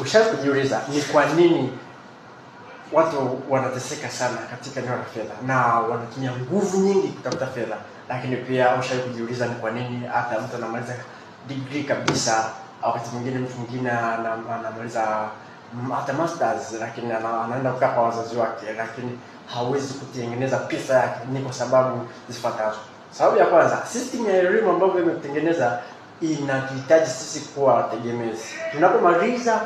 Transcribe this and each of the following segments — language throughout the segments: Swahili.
ushaanza kujiuliza ni kwa nini watu wanateseka sana katika eneo la fedha na wanatumia nguvu nyingi kutafuta fedha lakini pia ushawai kujiuliza ni kwa nini hata mtu anamaliza degree kabisa wakati mwingine mtu mwingine anamaliza hata masters lakini anaenda kukaa kwa wazazi wake lakini hawezi kutengeneza pesa yake ni kwa sababu zifuatazo sababu ya kwanza system ya elimu ambavyo imetengeneza inatuhitaji sisi kuwa tegemezi. Tunapomaliza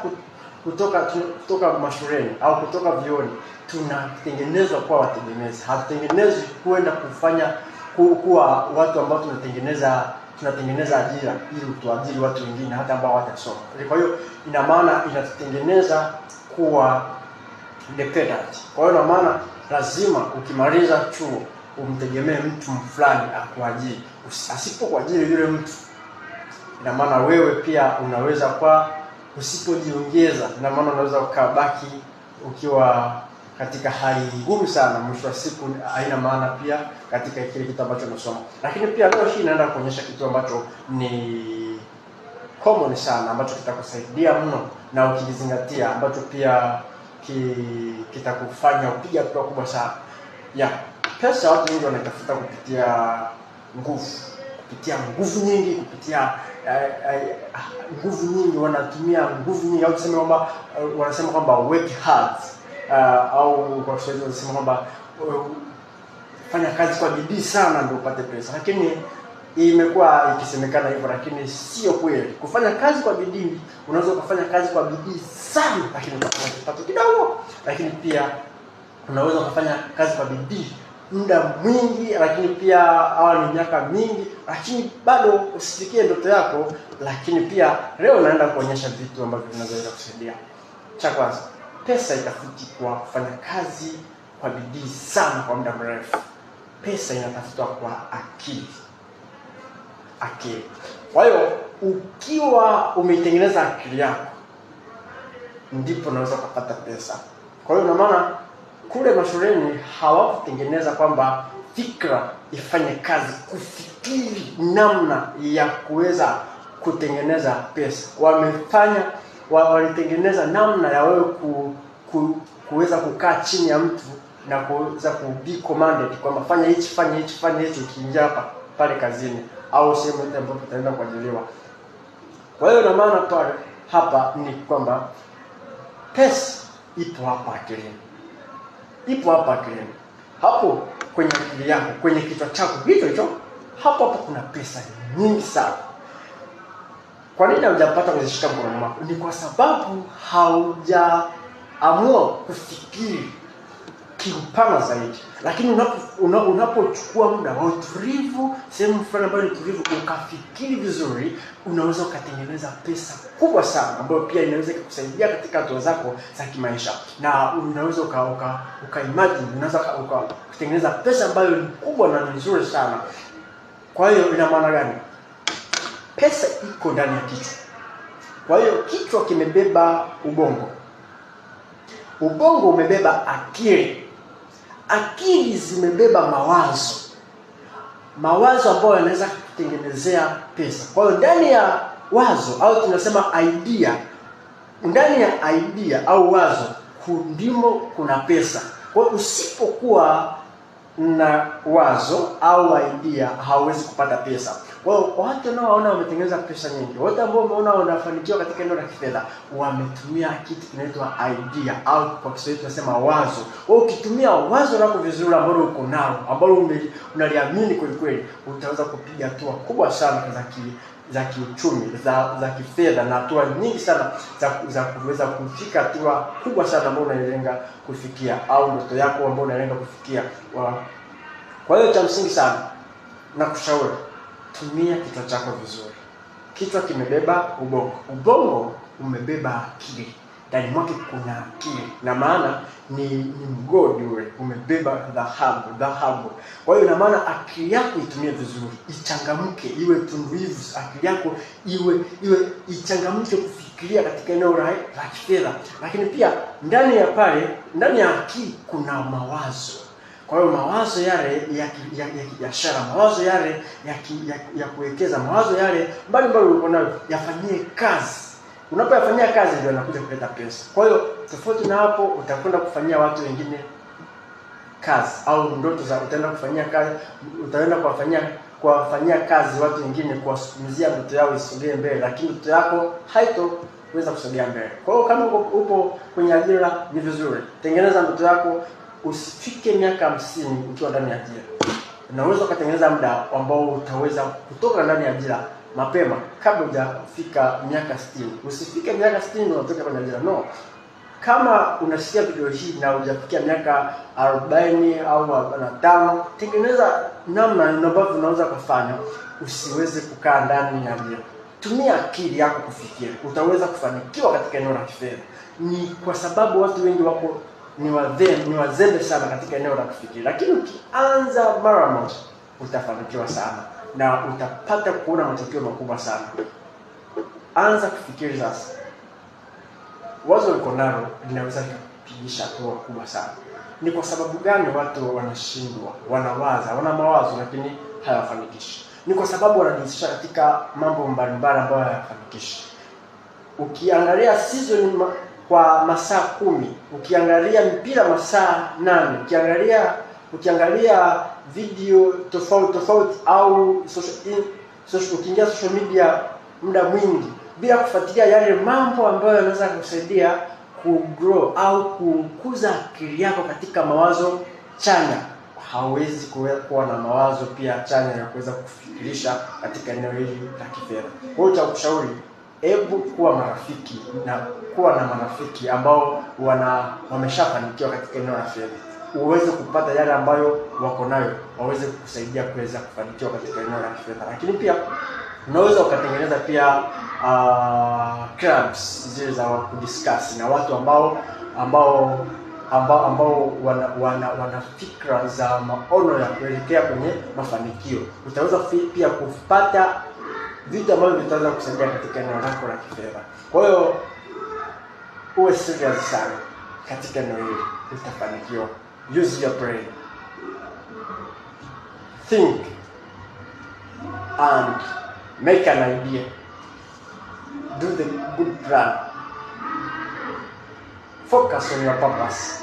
kutoka kutoka mashuleni au kutoka vioni, tunatengenezwa kuwa wategemezi. Hatutengenezwi kwenda kufanya kuwa watu ambao tunatengeneza tunatengeneza ajira ili tuajiri watu wengine hata ambao hawatasoma. Kwa hiyo ina maana inatutengeneza kuwa dependent. Kwa hiyo ina maana lazima ukimaliza chuo umtegemee mtu fulani akuajiri. Asipokuajiri yule mtu ina maana wewe pia unaweza kwa usipojiongeza, ina maana unaweza ukabaki ukiwa katika hali ngumu sana, mwisho wa siku haina maana pia katika kile kitu ambacho unasoma. Lakini pia leo hii naenda kuonyesha kitu ambacho ni common sana, ambacho kitakusaidia mno na ukizingatia ambacho pia ki, kitakufanya upiga hatua kubwa sana ya yeah. Pesa watu wengi wanaitafuta kupitia nguvu kupitia nguvu nyingi, kupitia eh, eh, nguvu nyingi, wanatumia nguvu nyingi, au tuseme kwamba eh, wanasema kwamba work hard au kwa Kiswahili wanasema kwamba fanya kazi kwa bidii sana ndio upate pesa, lakini imekuwa ikisemekana hivyo, lakini sio kweli. Kufanya kazi kwa bidii, unaweza ukafanya kazi kwa bidii sana, lakini utapata kipato kidogo, lakini pia unaweza ukafanya kazi kwa bidii muda mwingi, lakini pia hawa ni miaka mingi, lakini bado usifikie ndoto yako. Lakini pia leo naenda kuonyesha vitu ambavyo vinaweza kusaidia. Cha kwanza, pesa itafuti kwa kufanya kazi kwa bidii sana kwa muda mrefu. Pesa inatafutwa kwa akili, akili. Kwa hiyo ukiwa umeitengeneza akili yako, ndipo unaweza kupata pesa. Kwa hiyo na maana kule mashuleni hawakutengeneza kwamba fikra ifanye kazi, kufikiri namna ya kuweza kutengeneza pesa. Wamefanya wa, walitengeneza namna ya wewe ku, ku, kuweza kukaa chini ya mtu na kuweza ku be commanded kwamba fanya hichi, fanya hichi, fanya hichi ukiingia hapa pale kazini au sehemu yote ambapo utaenda kuajiliwa. Kwa hiyo na maana pale hapa ni kwamba pesa ipo hapa akilini ipo hapa akilini, hapo kwenye akili yako, kwenye kichwa chako hicho hicho, hapo hapo kuna pesa nyingi sana. Kwa nini haujapata kuzishika mkononi mwako? Ni kwa sababu haujaamua kufikiri kiupana zaidi, lakini unapochukua muda wa utulivu, sehemu fulani ambayo ni tulivu, ukafikiri vizuri, unaweza ukatengeneza pesa kubwa sana, ambayo pia inaweza ikakusaidia katika hatua zako za kimaisha, na unaweza uka, uka, uka imagine, unaweza kutengeneza pesa ambayo ni kubwa na nzuri sana. Kwa hiyo ina maana gani? Pesa iko ndani ya kichwa. Kwa hiyo kichwa kimebeba ubongo, ubongo umebeba akili akili zimebeba mawazo mawazo ambayo yanaweza kutengenezea pesa kwa hiyo ndani ya wazo au tunasema idea ndani ya idea au wazo kundimo kuna pesa kwa hiyo usipokuwa na wazo au idea hauwezi kupata pesa kwa hiyo watu unaowaona wametengeneza pesa nyingi, wote ambao umeona wanafanikiwa katika eneo la kifedha wametumia kitu kinaitwa idea au kwa Kiswahili tunasema wazo. Wewe ukitumia wazo lako vizuri, ambalo uko nalo, ambalo unaliamini kweli kweli, utaanza kupiga hatua kubwa sana za ki za kiuchumi za za kifedha na hatua nyingi sana za, za kuweza kufika hatua kubwa sana ambayo unalenga kufikia au ndoto yako ambayo unalenga kufikia. Kwa hiyo cha msingi sana nakushauri tumia kichwa chako vizuri. Kichwa kimebeba ubongo, ubongo umebeba akili, ndani mwake kuna akili, na maana ni, ni mgodi ule umebeba dhahabu dhahabu. Kwa hiyo na maana akili yako itumie vizuri, ichangamke, iwe tunduivu, akili yako iwe iwe ichangamke kufikiria katika eneo la kifedha, lakini pia ndani ya pale, ndani ya akili kuna mawazo kwa hiyo mawazo yale ya kibiashara, mawazo yale ya, ya, ya kuwekeza, mawazo yale mbalimbali ulikuwa nayo yafanyie kazi. Unapoyafanyia kazi ndio yanakuja kuleta pesa. Kwa hiyo tofauti na hapo, utakwenda kufanyia watu wengine kazi au ndoto za utaenda kufanyia kazi, utaenda kuwafanyia kuwafanyia kazi watu wengine, kuwasukumizia ndoto yao isogee mbele, lakini ndoto yako haito kuweza kusogea mbele. Kwa hiyo kama upo kwenye ajira, ni vizuri tengeneza ndoto yako usifike miaka hamsini ukiwa ndani ya ajira. Unaweza ukatengeneza muda ambao utaweza kutoka ndani ya ajira mapema kabla hujafika miaka sitini. Usifike miaka sitini unatoka kwenye ajira, no. Kama unasikia video hii na ujafikia miaka arobaini au arobaini na tano tengeneza namna ambavyo unaweza kufanya usiweze kukaa ndani ya ajira. Tumia akili yako kufikiri, utaweza kufanikiwa katika eneo la kifedha. Ni kwa sababu watu wengi wako ni wazembe, ni sana katika eneo la kufikiri, lakini ukianza mara moja utafanikiwa sana na utapata kuona matokeo makubwa sana. Anza kufikiri sasa, wazo liko nalo linaweza kupigisha hatua kubwa sana. Ni kwa sababu gani watu wanashindwa, wanawaza, wana mawazo lakini hayafanikishi Ni kwa sababu wanajihusisha katika mambo mbalimbali ambayo hayafanikishi Ukiangalia season kwa masaa kumi, ukiangalia mpira masaa nane, ukiangalia ukiangalia video tofauti tofauti au social, in, social, ukiingia social media muda mwingi bila kufuatilia yale mambo ambayo yanaweza kukusaidia kugrow au kukuza akili yako katika mawazo chanya, hauwezi kuwa na mawazo pia chanya ya kuweza kufikirisha katika eneo hili la kifedha. Kwa hiyo cha kushauri hebu kuwa marafiki na kuwa na marafiki ambao wana wameshafanikiwa katika eneo la fedha, uweze kupata yale ambayo wako nayo, waweze kukusaidia kuweza kufanikiwa katika eneo la fedha. Lakini pia unaweza ukatengeneza pia uh, clubs zile za kudiscuss na watu ambao ambao ambao, ambao wana, wana, wana fikra za maono ya kuelekea kwenye mafanikio. Utaweza pia kupata vitu ambavyo vitaweza kusaidia katika eneo lako la kifedha. Kwa hiyo uwe serious sana katika eneo hili, utafanikiwa. Use your brain, think and make an idea, do the good plan, focus on your purpose.